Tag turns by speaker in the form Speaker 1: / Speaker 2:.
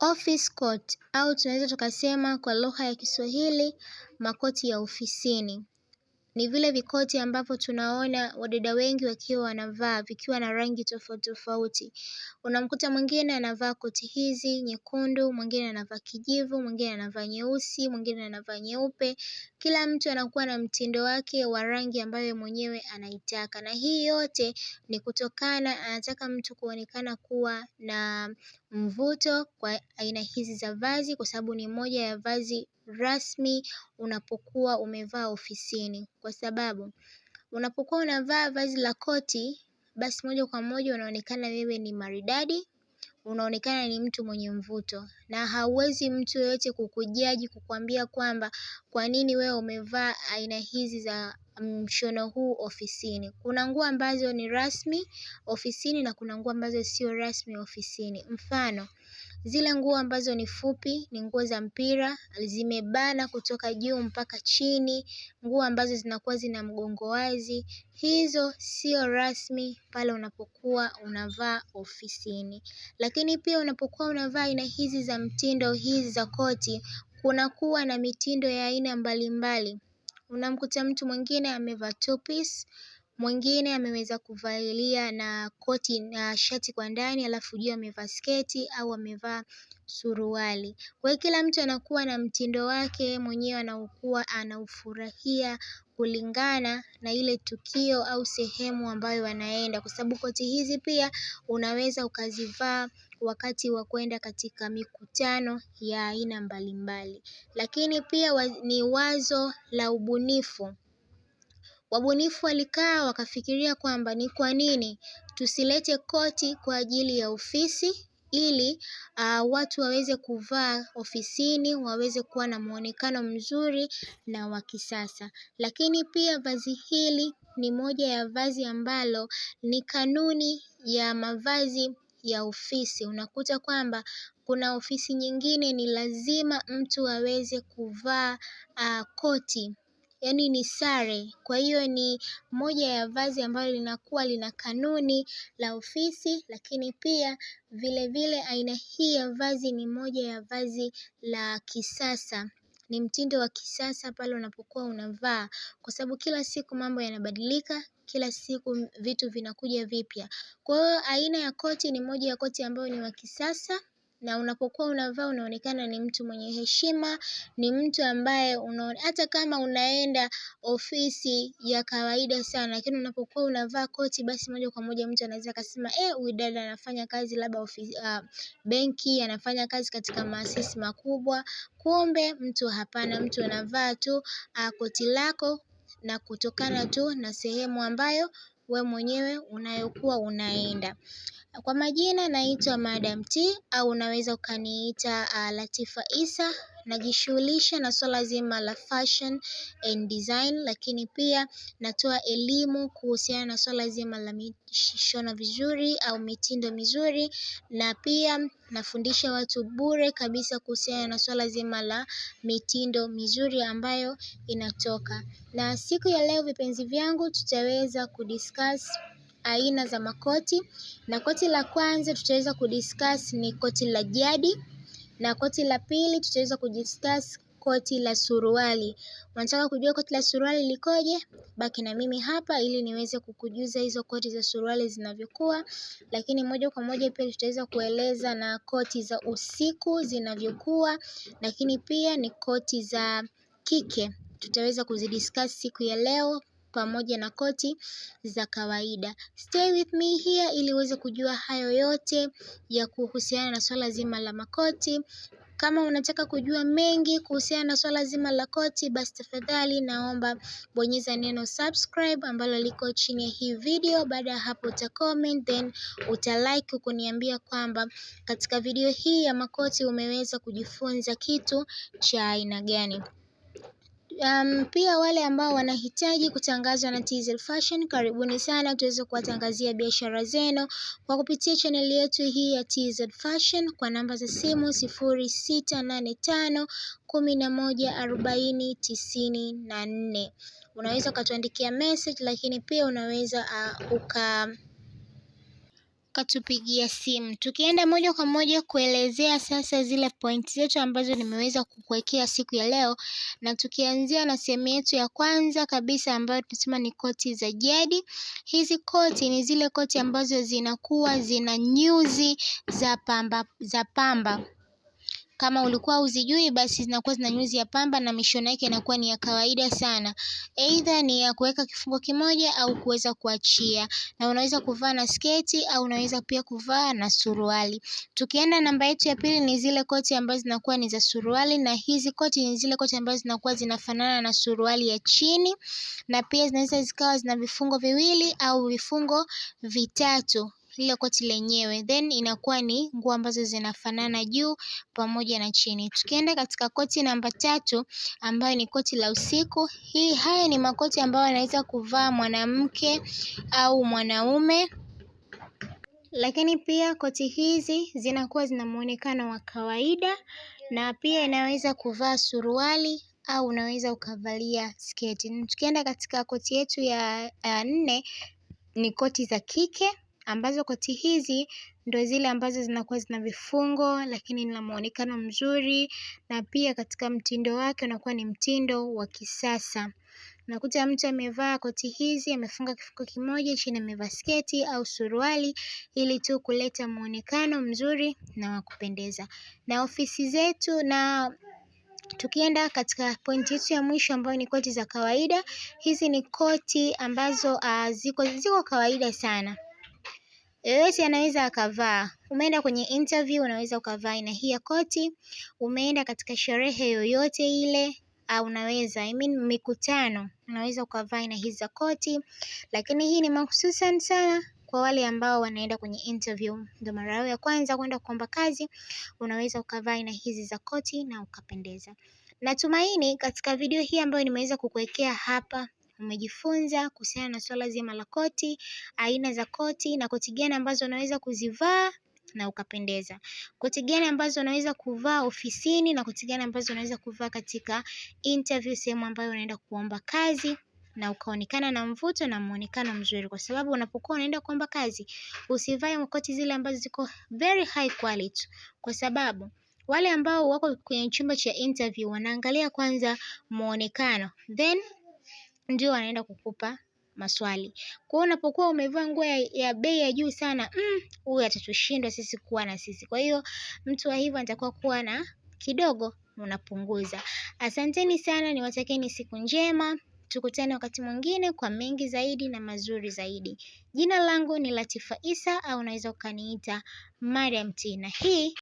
Speaker 1: Office coat au tunaweza tukasema kwa lugha ya Kiswahili makoti ya ofisini. Ni vile vikoti ambavyo tunaona wadada wengi wakiwa wanavaa vikiwa na rangi tofauti tofauti. Unamkuta mwingine anavaa koti hizi nyekundu, mwingine anavaa kijivu, mwingine anavaa nyeusi, mwingine anavaa nyeupe. Kila mtu anakuwa na mtindo wake wa rangi ambayo mwenyewe anaitaka na hii yote ni kutokana anataka mtu kuonekana kuwa na mvuto kwa aina hizi za vazi kwa sababu ni moja ya vazi rasmi unapokuwa umevaa ofisini kwa sababu unapokuwa unavaa vazi la koti basi moja kwa moja unaonekana wewe ni maridadi unaonekana ni mtu mwenye mvuto na hauwezi mtu yeyote kukujaji kukuambia kwamba kwa nini wewe umevaa aina hizi za mshono huu ofisini. Kuna nguo ambazo ni rasmi ofisini na kuna nguo ambazo sio rasmi ofisini. Mfano, zile nguo ambazo ni fupi ni nguo za mpira, zimebana kutoka juu mpaka chini, nguo ambazo zinakuwa zina mgongo wazi. Hizo sio rasmi pale unapokuwa unavaa ofisini. Lakini pia unapokuwa unavaa aina hizi za mtindo hizi za koti, kunakuwa na mitindo ya aina mbalimbali. Unamkuta mtu mwingine amevaa two piece mwingine ameweza kuvalia na koti na shati kwa ndani alafu juu amevaa sketi au amevaa suruali. Kwa hiyo kila mtu anakuwa na mtindo wake mwenyewe anaokuwa anaufurahia kulingana na ile tukio au sehemu ambayo anaenda kwa sababu koti hizi pia unaweza ukazivaa wakati wa kwenda katika mikutano ya aina mbalimbali. Lakini pia ni wazo la ubunifu. Wabunifu walikaa wakafikiria kwamba ni kwa nini tusilete koti kwa ajili ya ofisi ili uh, watu waweze kuvaa ofisini, waweze kuwa na muonekano mzuri na wa kisasa. Lakini pia vazi hili ni moja ya vazi ambalo ni kanuni ya mavazi ya ofisi. Unakuta kwamba kuna ofisi nyingine ni lazima mtu aweze kuvaa ah, koti, yaani ni sare. Kwa hiyo ni moja ya vazi ambalo linakuwa lina kanuni la ofisi, lakini pia vilevile aina hii ya vazi ni moja ya vazi la kisasa ni mtindo wa kisasa pale unapokuwa unavaa kwa sababu kila siku mambo yanabadilika, kila siku vitu vinakuja vipya. Kwa hiyo aina ya koti ni moja ya koti ambayo ni wa kisasa na unapokuwa unavaa unaonekana ni mtu mwenye heshima, ni mtu ambaye hata kama unaenda ofisi ya kawaida sana, lakini unapokuwa unavaa koti, basi moja kwa moja mtu anaweza akasema eh, huyu dada anafanya kazi labda ofisi, uh, benki, anafanya kazi katika maasisi makubwa. Kumbe mtu hapana, mtu anavaa tu uh, koti lako na kutokana tu na sehemu ambayo we mwenyewe unayokuwa unaenda. Kwa majina naitwa Madam T au unaweza ukaniita ah, Latifa Isa. Najishughulisha na swala zima la fashion and design, lakini pia natoa elimu kuhusiana na swala zima la mishono vizuri au mitindo mizuri, na pia nafundisha watu bure kabisa kuhusiana na swala zima la mitindo mizuri ambayo inatoka. Na siku ya leo vipenzi vyangu tutaweza kudiscuss aina za makoti na koti la kwanza tutaweza kudiscuss ni koti la jadi na koti la pili tutaweza kudiscuss koti la suruali. Unataka kujua koti la suruali likoje? Baki na mimi hapa ili niweze kukujuza hizo koti za suruali zinavyokuwa, lakini moja kwa moja pia tutaweza kueleza na koti za usiku zinavyokuwa, lakini pia ni koti za kike tutaweza kuzidiscuss siku ya leo pamoja na koti za kawaida. Stay with me here ili uweze kujua hayo yote ya kuhusiana na swala zima la makoti. Kama unataka kujua mengi kuhusiana na swala zima la koti, basi tafadhali naomba bonyeza neno subscribe ambalo liko chini ya hii video. Baada ya hapo, uta comment then uta like kuniambia kwamba katika video hii ya makoti umeweza kujifunza kitu cha aina gani. Um, pia wale ambao wanahitaji kutangazwa na TZ Fashion, karibuni sana tuweze kuwatangazia biashara zenu kwa kupitia chaneli yetu hii ya TZ Fashion kwa namba za simu 0685 114094. Unaweza ukatuandikia message, lakini pia unaweza uh, uka ukatupigia simu. Tukienda moja kwa moja kuelezea sasa zile pointi zetu ambazo nimeweza kukuwekea siku ya leo, na tukianzia na sehemu yetu ya kwanza kabisa ambayo tunasema ni koti za jadi. Hizi koti ni zile koti ambazo zinakuwa zina nyuzi za pamba, za pamba kama ulikuwa uzijui basi zinakuwa zina nyuzi ya pamba na mishono yake inakuwa ni ya kawaida sana. Aidha ni ya kuweka kifungo kimoja au kuweza kuachia. Na unaweza kuvaa na sketi au unaweza pia kuvaa na suruali. Tukienda namba yetu ya pili ni zile koti ambazo zinakuwa ni za suruali na hizi koti ni zile koti ambazo zinakuwa zinafanana na suruali ya chini na pia zinaweza zikawa zina vifungo viwili au vifungo vitatu lile koti lenyewe then inakuwa ni nguo ambazo zinafanana juu pamoja na chini. Tukienda katika koti namba tatu ambayo ni koti la usiku. Hii haya ni makoti ambayo anaweza kuvaa mwanamke au mwanaume lakini pia koti hizi zinakuwa zina muonekano wa kawaida na pia inaweza kuvaa suruali au unaweza ukavalia sketi. Tukienda katika koti yetu ya, ya nne ni koti za kike ambazo koti hizi ndo zile ambazo zinakuwa zina vifungo lakini na muonekano mzuri, na pia katika mtindo wake unakuwa ni mtindo wa kisasa. Unakuta mtu amevaa koti hizi, amefunga kifuko kimoja, chini amevaa sketi au suruali, ili tu kuleta muonekano mzuri na wa kupendeza. Na ofisi zetu na Tukienda katika pointi yetu ya mwisho ambayo ni koti za kawaida. Hizi ni koti ambazo uh, ziko ziko kawaida sana. Yoyote anaweza akavaa. Umeenda kwenye interview unaweza ukavaa aina hii ya koti, umeenda katika sherehe yoyote ile unaweza I mean, mikutano unaweza ukavaa aina hizi za koti, lakini hii ni mahususan sana kwa wale ambao wanaenda kwenye interview, ndio mara yao ya kwanza kwenda kuomba kazi. Unaweza ukavaa aina hizi za koti na ukapendeza. Natumaini katika video hii ambayo nimeweza kukuwekea hapa Umejifunza kuhusiana na swala zima la koti, aina za koti na koti gani ambazo unaweza kuzivaa na ukapendeza. Koti gani ambazo unaweza kuvaa ofisini na koti gani ambazo unaweza kuvaa katika interview, sehemu ambayo unaenda kuomba kazi na ukaonekana na mvuto na muonekano mzuri, kwa sababu unapokuwa unaenda kuomba kazi usivae koti zile ambazo ziko very high quality, kwa sababu wale ambao wako kwenye chumba cha interview wanaangalia kwanza muonekano then ndio wanaenda kukupa maswali. Kwa hiyo unapokuwa umevaa nguo ya, ya bei ya juu sana, mm, huyu atatushindwa sisi kuwa na sisi. Kwa hiyo mtu wa hivyo anatakiwa kuwa na kidogo unapunguza. Asanteni sana, niwatakeni siku njema. Tukutane wakati mwingine kwa mengi zaidi na mazuri zaidi. Jina langu ni Latifa Isa au unaweza ukaniita Mariam Tina. na hii